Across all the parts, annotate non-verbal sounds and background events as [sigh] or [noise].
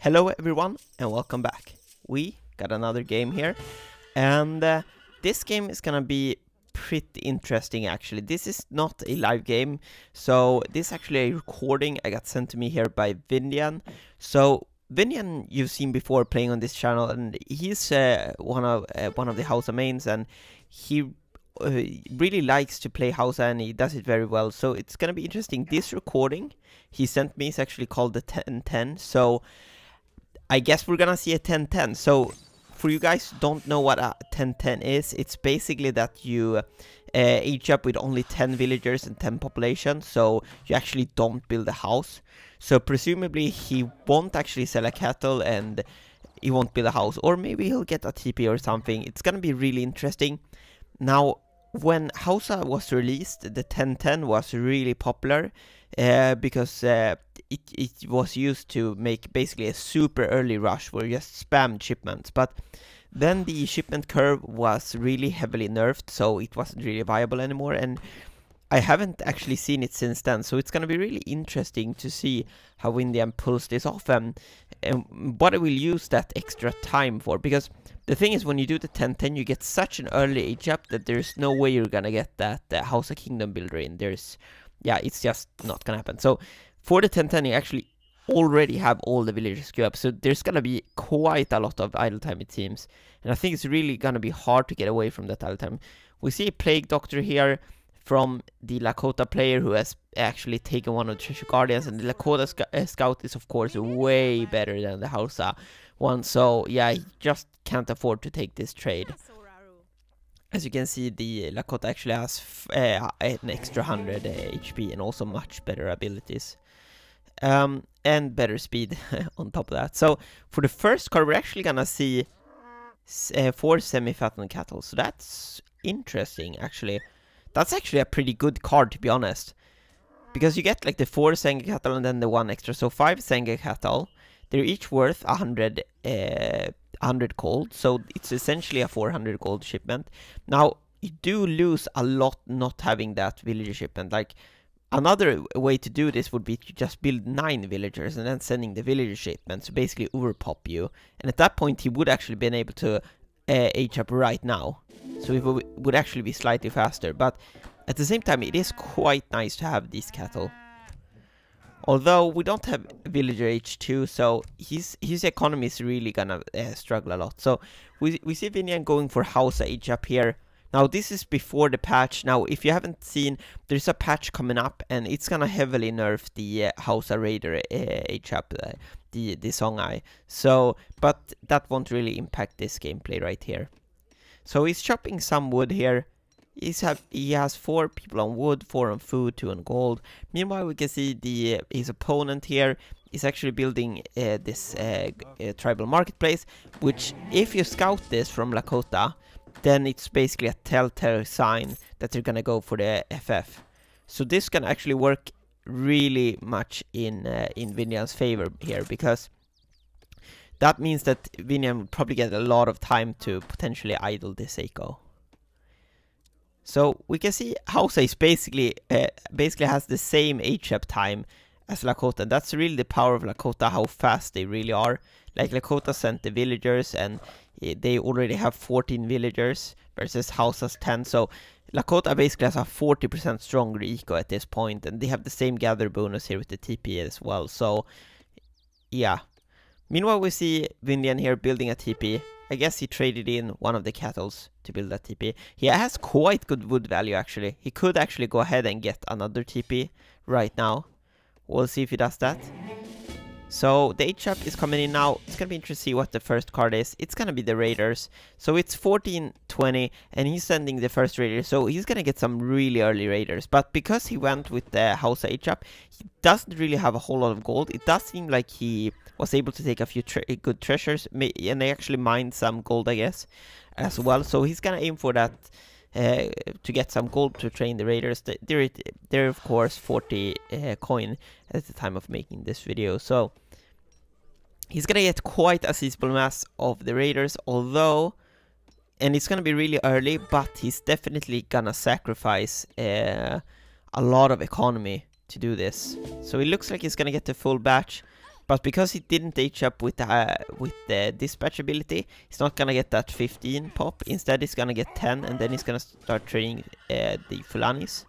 Hello everyone and welcome back. We got another game here and uh, this game is gonna be pretty interesting actually. This is not a live game so this is actually a recording I got sent to me here by Vindian. So Vinian you've seen before playing on this channel and he's uh, one of uh, one of the Hausa mains and he uh, really likes to play Hausa and he does it very well. So it's gonna be interesting. This recording he sent me is actually called the 1010. So I guess we're gonna see a 1010. So for you guys don't know what a 1010 is, it's basically that you uh, age up with only 10 villagers and 10 population, so you actually don't build a house. So presumably he won't actually sell a cattle and he won't build a house, or maybe he'll get a TP or something. It's gonna be really interesting. Now, when Hausa was released, the 1010 was really popular uh, because uh, it, it was used to make basically a super early rush where you just spammed shipments. But then the shipment curve was really heavily nerfed, so it wasn't really viable anymore. And I haven't actually seen it since then, so it's going to be really interesting to see how Windian pulls this off and, and what it will use that extra time for. Because the thing is, when you do the 10-10, you get such an early age up that there's no way you're going to get that uh, House of Kingdom builder in. There's, yeah, it's just not going to happen. So for the 1010 you actually already have all the villagers queue up, so there's gonna be quite a lot of idle time it seems, and I think it's really gonna be hard to get away from that idle time. We see a Plague Doctor here from the Lakota player who has actually taken one of the Treasure Guardians, and the Lakota sc uh, Scout is of course way better than the Hausa one, so yeah, he just can't afford to take this trade. As you can see, the Lakota actually has uh, an extra 100 uh, HP and also much better abilities um, and better speed [laughs] on top of that. So for the first car, we're actually gonna see uh, four semi-fattened cattle. So that's interesting, actually. That's actually a pretty good card, to be honest. Because you get like the four Senge cattle and then the one extra. So five Senge cattle. They're each worth 100, uh, 100 gold. So it's essentially a 400 gold shipment. Now, you do lose a lot not having that villager shipment. Like, Another way to do this would be to just build 9 villagers and then sending the villager shipment, so basically overpop you. And at that point he would actually been able to uh, age up right now. So it would actually be slightly faster, but at the same time it is quite nice to have these cattle. Although we don't have villager H2, so his his economy is really gonna uh, struggle a lot. So we, we see Vinian going for house age up here, now this is before the patch. Now if you haven't seen, there's a patch coming up and it's gonna heavily nerf the uh, House of Raider uh, HAP, uh, the, the song So, but that won't really impact this gameplay right here. So he's chopping some wood here. He's have, he has 4 people on wood, 4 on food, 2 on gold. Meanwhile we can see the uh, his opponent here is actually building uh, this uh, uh, tribal marketplace, which if you scout this from Lakota, then it's basically a telltale sign that they're gonna go for the FF. So this can actually work really much in uh, in Vinyan's favor here because that means that Vinyan would probably get a lot of time to potentially idle this Seiko. So we can see is basically uh, basically has the same HF time as Lakota. That's really the power of Lakota, how fast they really are. Like Lakota sent the villagers and eh, they already have 14 villagers versus Hausa's 10. So Lakota basically has a 40% stronger eco at this point and they have the same gather bonus here with the TP as well. So yeah. Meanwhile we see Vindian here building a TP. I guess he traded in one of the cattle to build that TP. He has quite good wood value actually. He could actually go ahead and get another TP right now We'll see if he does that. So the H sharp is coming in now. It's gonna be interesting to see what the first card is. It's gonna be the Raiders. So it's 14 20 and he's sending the first raiders. So he's gonna get some really early Raiders. But because he went with the House H sharp, he doesn't really have a whole lot of gold. It does seem like he was able to take a few tre good treasures and they actually mined some gold, I guess, as well. So he's gonna aim for that uh, to get some gold to train the raiders. They're, they're of course 40 uh, coin at the time of making this video. So he's gonna get quite a sizable mass of the raiders, although and it's gonna be really early, but he's definitely gonna sacrifice uh, a lot of economy to do this. So it looks like he's gonna get the full batch. But because it didn't age up with uh, with the uh, dispatch ability, it's not gonna get that 15 pop. Instead, it's gonna get 10, and then it's gonna start training uh, the Fulanis.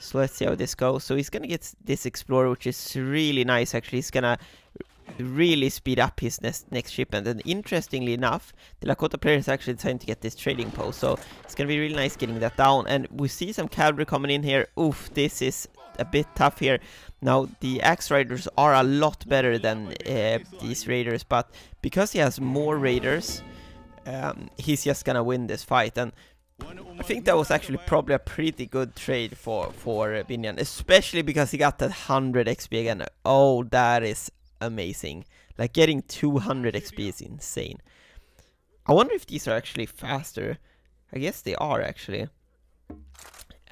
So let's see how this goes. So he's gonna get this Explorer, which is really nice actually. He's gonna really speed up his next, next shipment. And interestingly enough, the Lakota player is actually trying to get this trading post, so it's gonna be really nice getting that down. And we see some cavalry coming in here. Oof, this is a bit tough here. Now, the Axe Raiders are a lot better than uh, these Raiders, but because he has more Raiders, um, he's just gonna win this fight. And I think that was actually probably a pretty good trade for, for uh, Binion, especially because he got that 100 XP again. Oh, that is amazing. Like, getting 200 XP is insane. I wonder if these are actually faster. I guess they are, actually.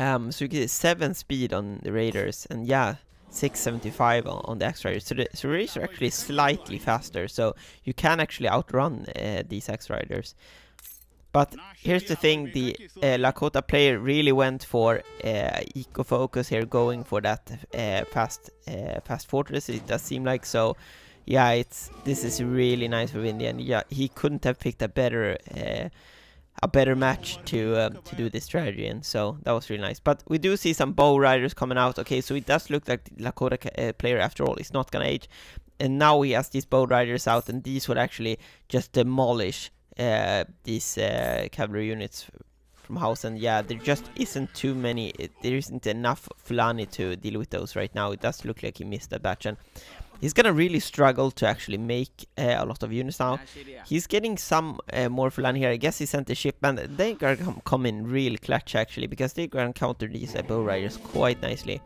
Um, so you get 7 speed on the Raiders, and yeah, 675 on, on the x riders So the race are actually slightly faster, so you can actually outrun uh, these X-Riders. But here's the thing, the uh, Lakota player really went for uh, eco-focus here, going for that uh, fast uh, fast fortress, it does seem like. So yeah, it's this is really nice for Indian. yeah, he couldn't have picked a better uh, a better match to uh, to do this strategy and so that was really nice but we do see some bow riders coming out okay so it does look like the Lakota uh, player after all is not gonna age and now he has these bow riders out and these would actually just demolish uh, these uh, cavalry units from house and yeah there just isn't too many there isn't enough Fulani to deal with those right now it does look like he missed a batch and He's gonna really struggle to actually make uh, a lot of units now. He's getting some uh, more for land here. I guess he sent the and They are come coming real clutch actually because they gonna counter these uh, bow riders quite nicely.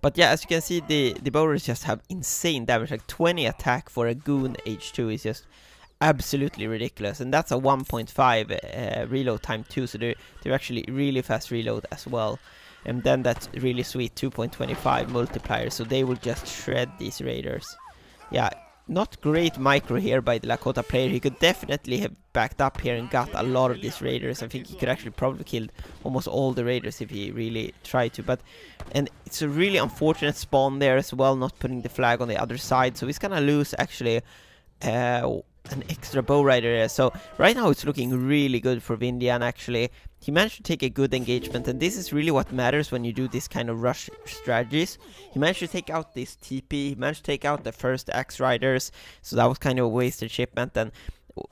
But yeah, as you can see, the, the bow riders just have insane damage. Like 20 attack for a goon H2 is just absolutely ridiculous. And that's a 1.5 uh, reload time too, so they they're actually really fast reload as well and then that's really sweet 2.25 multiplier so they will just shred these raiders yeah not great micro here by the Lakota player. He could definitely have backed up here and got a lot of these raiders. I think he could actually probably killed almost all the raiders if he really tried to. But and it's a really unfortunate spawn there as well, not putting the flag on the other side. So he's gonna lose actually uh, an extra bow rider there. So right now it's looking really good for Vindian actually. He managed to take a good engagement and this is really what matters when you do this kind of rush strategies. He managed to take out this TP, he managed to take out the first Axe Riders, so that was kind of a wasted shipment and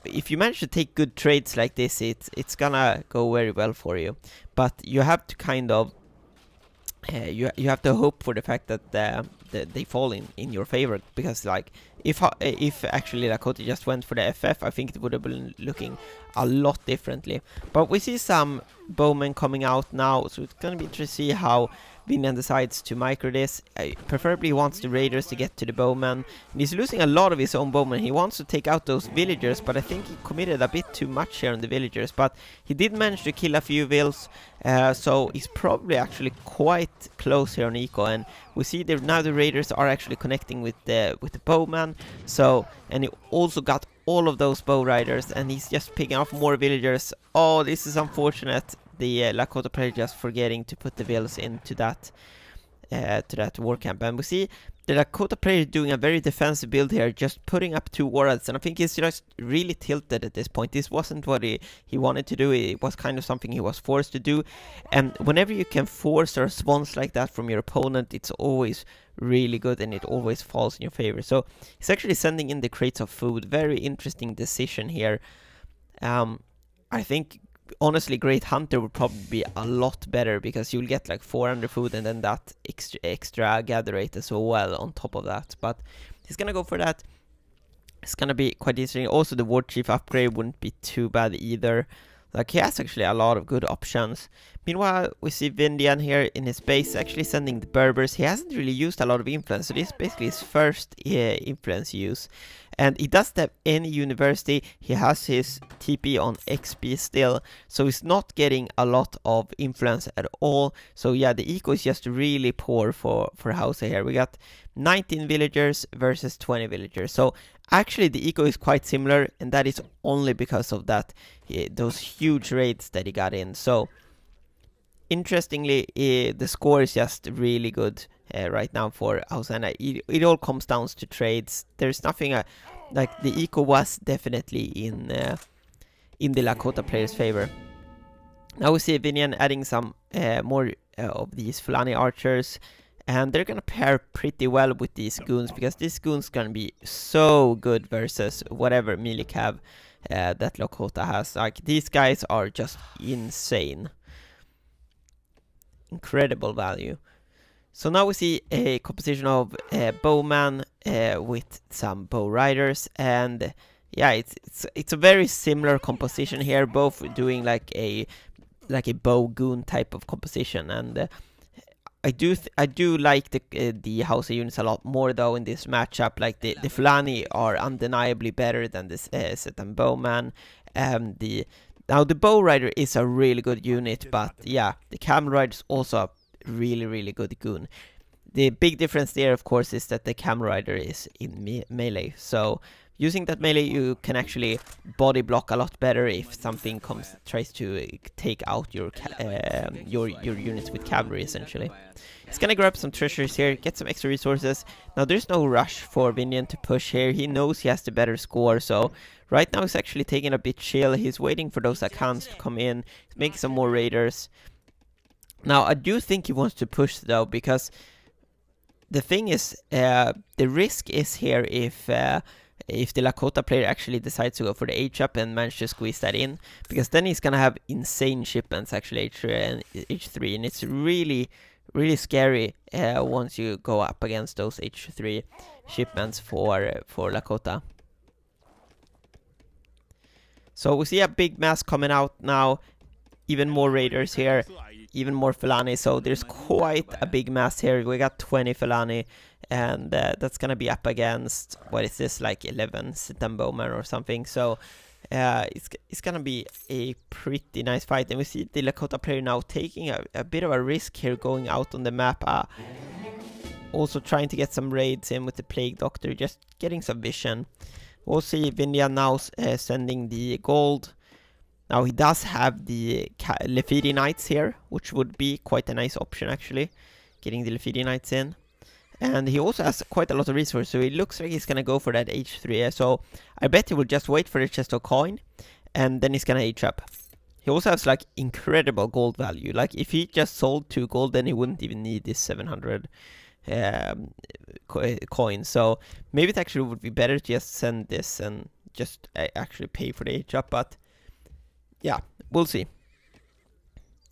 if you manage to take good trades like this, it's it's gonna go very well for you. But you have to kind of uh, you you have to hope for the fact that, uh, that they fall in in your favor because like if uh, if actually Lakota just went for the FF, I think it would have been looking a lot differently. But we see some bowmen coming out now, so it's gonna be to see how Vinian decides to micro this. Uh, preferably wants the raiders to get to the bowman. And he's losing a lot of his own bowmen. He wants to take out those villagers, but I think he committed a bit too much here on the villagers. But he did manage to kill a few vills, uh, so he's probably actually quite close here on Eco. And we see that now the raiders are actually connecting with the with the bowman. So and he also got all of those bow riders and he's just picking off more villagers. Oh, this is unfortunate the uh, Lakota player just forgetting to put the veils into that uh, to that war camp. And we see the Lakota player doing a very defensive build here, just putting up two warheads. And I think he's just really tilted at this point. This wasn't what he, he wanted to do. It was kind of something he was forced to do. And whenever you can force a response like that from your opponent, it's always really good and it always falls in your favor. So he's actually sending in the crates of food. Very interesting decision here. Um, I think honestly, Great Hunter would probably be a lot better because you'll get like 400 food and then that extra, extra gather rate as well on top of that. But he's gonna go for that. It's gonna be quite interesting. Also, the War Chief upgrade wouldn't be too bad either. Like, he has actually a lot of good options. Meanwhile, we see Vindian here in his base actually sending the Berbers. He hasn't really used a lot of influence, so this is basically his first yeah influence use. And he doesn't have any university, he has his TP on XP still, so he's not getting a lot of influence at all. So yeah, the eco is just really poor for, for House here. We got 19 villagers versus 20 villagers. So actually the eco is quite similar, and that is only because of that eh, those huge raids that he got in. So interestingly, eh, the score is just really good uh, right now for Ausana. It, it, all comes down to trades. There's nothing uh, like the eco was definitely in uh, in the Lakota player's favor. Now we see Vinian adding some eh, more of these Fulani archers. And they're gonna pair pretty well with these goons because these goons gonna be so good versus whatever melee cav that Lakota has. Like these guys are just insane incredible value. So now we see a composition of uh, bowman uh, with some bow riders and yeah, it's, it's it's a very similar composition here, both doing like a like a bow goon type of composition and uh, I do I do like the uh, the House units a lot more though in this matchup. Like the the Fulani are undeniably better than this uh, Setan Bowman. Um, the now the bow rider is a really good unit, but yeah, the camel rider is also a really really good goon. The big difference there, of course, is that the camel rider is in me melee, so using that melee you can actually body block a lot better if something comes tries to uh, take out your um, your your units with cavalry essentially. He's gonna grab some treasures here, get some extra resources. Now there's no rush for Vinian to push here, he knows he has the better score so Right now he's actually taking a bit chill. He's waiting for those accounts to come in, make some more raiders. Now I do think he wants to push though because the thing is uh, the risk is here if uh, if the Lakota player actually decides to go for the H-up and manage to squeeze that in because then he's gonna have insane shipments actually H3 and H3 and it's really really scary uh, once you go up against those H3 shipments for uh, for Lakota. So we see a big mass coming out now. Even more raiders here. Even more Felani. So there's quite a big mass here. We got 20 Felani. And uh, that's going to be up against, what is this, like 11 Sitan Bowman or something. So uh, it's, it's going to be a pretty nice fight. And we see the Lakota player now taking a, a bit of a risk here going out on the map. Uh, also trying to get some raids in with the Plague Doctor. Just getting some vision. We'll see if India now uh, sending the gold. Now he does have the Lefidi Knights here, which would be quite a nice option actually, getting the Lefidi Knights in. And he also has quite a lot of resources, so it looks like he's gonna go for that H3. So I bet he will just wait for the chest of coin, and then he's gonna H up. He also has like incredible gold value. Like if he just sold two gold, then he wouldn't even need this 700 um, co- eh, coin. So maybe it actually would be better to just send this and just uh, actually pay for the job. But yeah, we'll see.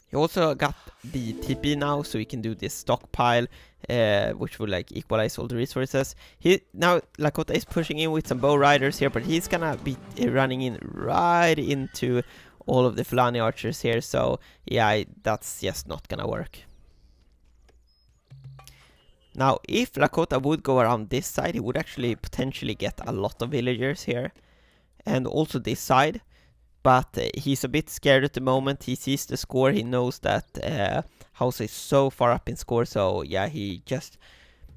He also got the TP now, so he can do this stockpile, uh, which will like equalize all the resources. He now Lakota is pushing in with some bow riders here, but he's gonna be running in right into all of the Fulani archers here. So yeah, I, that's just not gonna work. Now, if Lakota would go around this side, he would actually potentially get a lot of villagers here. And also this side. But uh, he's a bit scared at the moment. He sees the score. He knows that uh, House is so far up in score. So, yeah, he just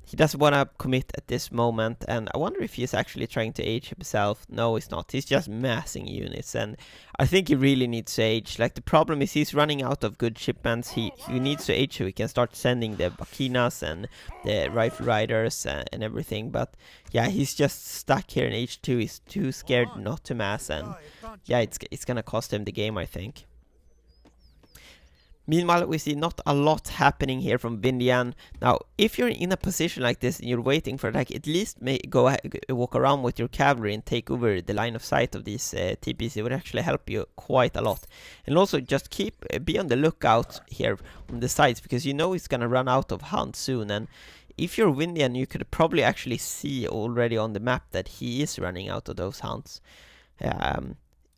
he doesn't want to commit at this moment, and I wonder if he's actually trying to age himself. No, he's not. He's just massing units, and I think he really needs to age. Like, the problem is he's running out of good shipments. He, he needs to age so he can start sending the Bakinas and the Rifle Riders uh, and everything, but yeah, he's just stuck here in H2. He's too scared not to mass, and yeah, it's, it's gonna cost him the game, I think. Meanwhile, we see not a lot happening here from Vindian. Now, if you're in a position like this and you're waiting for attack, at least go walk around with your cavalry and take over the line of sight of these uh, TPs. It would actually help you quite a lot. And also, just keep uh, be on the lookout here on the sides because you know it's gonna run out of hunts soon. And if you're Vindian, you could probably actually see already on the map that he is running out of those hunts. Um,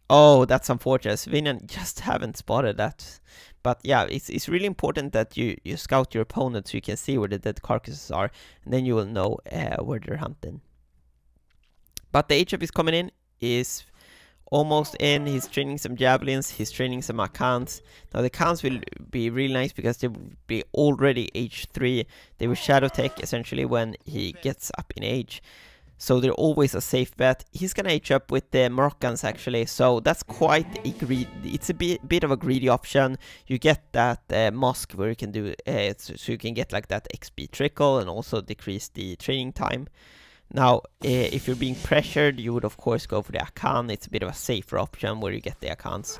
oh, that's unfortunate. Vindian just [laughs] haven't spotted that. But yeah, it's, it's really important that you, you scout your opponent so you can see where the dead carcasses are, and then you will know uh, where they're hunting. But the HF is coming in, is almost in, he's training some javelins, he's training some accounts. Now the accounts will be really nice because they will be already H3, they will shadow tech essentially when he gets up in age so they're always a safe bet. He's gonna H up with the Moroccans actually, so that's quite a greedy, it's a bit, bit of a greedy option. You get that uh, Mosque where you can do, uh, so, you can get like that XP trickle and also decrease the training time. Now, uh, if you're being pressured, you would of course go for the Akan, it's a bit of a safer option where you get the Akans.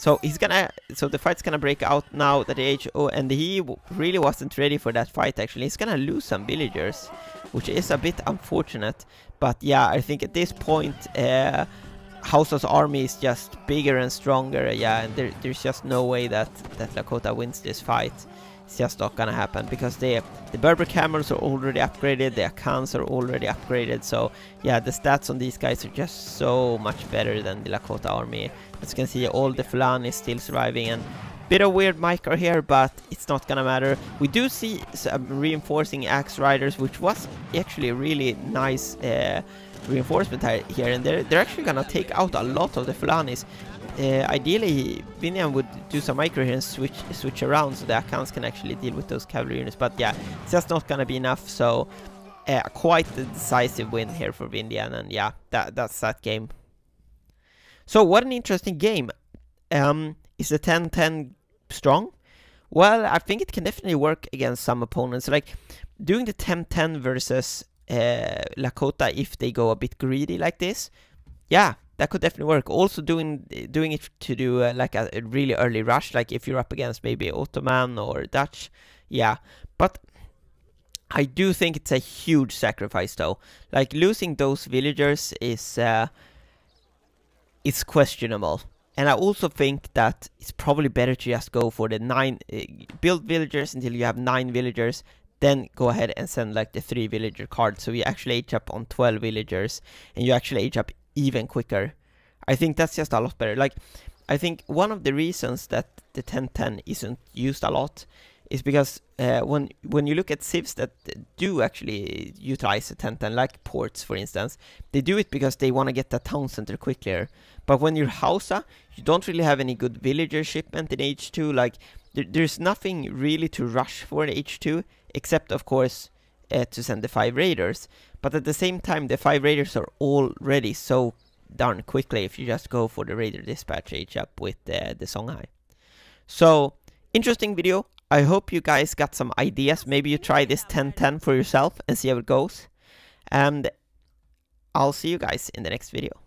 So he's gonna, so the fight's gonna break out now that the HO, and he really wasn't ready for that fight actually. He's gonna lose some villagers, which is a bit unfortunate. But yeah, I think at this point, uh, army is just bigger and stronger, yeah, and there, there's just no way that, that Lakota wins this fight. It's just not gonna happen because the the Berber camels are already upgraded, the accounts are already upgraded, so yeah, the stats on these guys are just so much better than the Lakota army. As you can see, all the Fulani is still surviving and bit of weird micro here, but it's not gonna matter. We do see some reinforcing Axe Riders, which was actually a really nice uh, reinforcement here, and they're, they're actually gonna take out a lot of the Fulanis uh, ideally, Vinian would do some micro here and switch, switch around so the accounts can actually deal with those cavalry units. But yeah, it's just not gonna be enough, so uh, quite a decisive win here for Vinian. and yeah, that that's that game. So what an interesting game. Um, is the 10-10 strong? Well, I think it can definitely work against some opponents. Like, doing the 10-10 versus uh, Lakota if they go a bit greedy like this, yeah, that could definitely work. Also doing doing it to do uh, like a, a really early rush, like if you're up against maybe Ottoman or Dutch, yeah. But I do think it's a huge sacrifice though. Like losing those villagers is uh, is questionable. And I also think that it's probably better to just go for the nine, uh, build villagers until you have nine villagers, then go ahead and send like the three villager card. So you actually age up on 12 villagers and you actually age up even quicker. I think that's just a lot better. Like, I think one of the reasons that the 1010 isn't used a lot is because uh, when when you look at sieves that do actually utilize the 1010, like ports for instance, they do it because they want to get the town center quicker. But when you're Hausa, you don't really have any good villager shipment in H2. Like there, there's nothing really to rush for in H2, except of course uh, to send the five raiders. But at the same time, the five raiders are already so done quickly if you just go for the raider dispatch age up with uh, the Songhai. So, interesting video. I hope you guys got some ideas. Maybe you try this 10-10 for yourself and see how it goes. And I'll see you guys in the next video.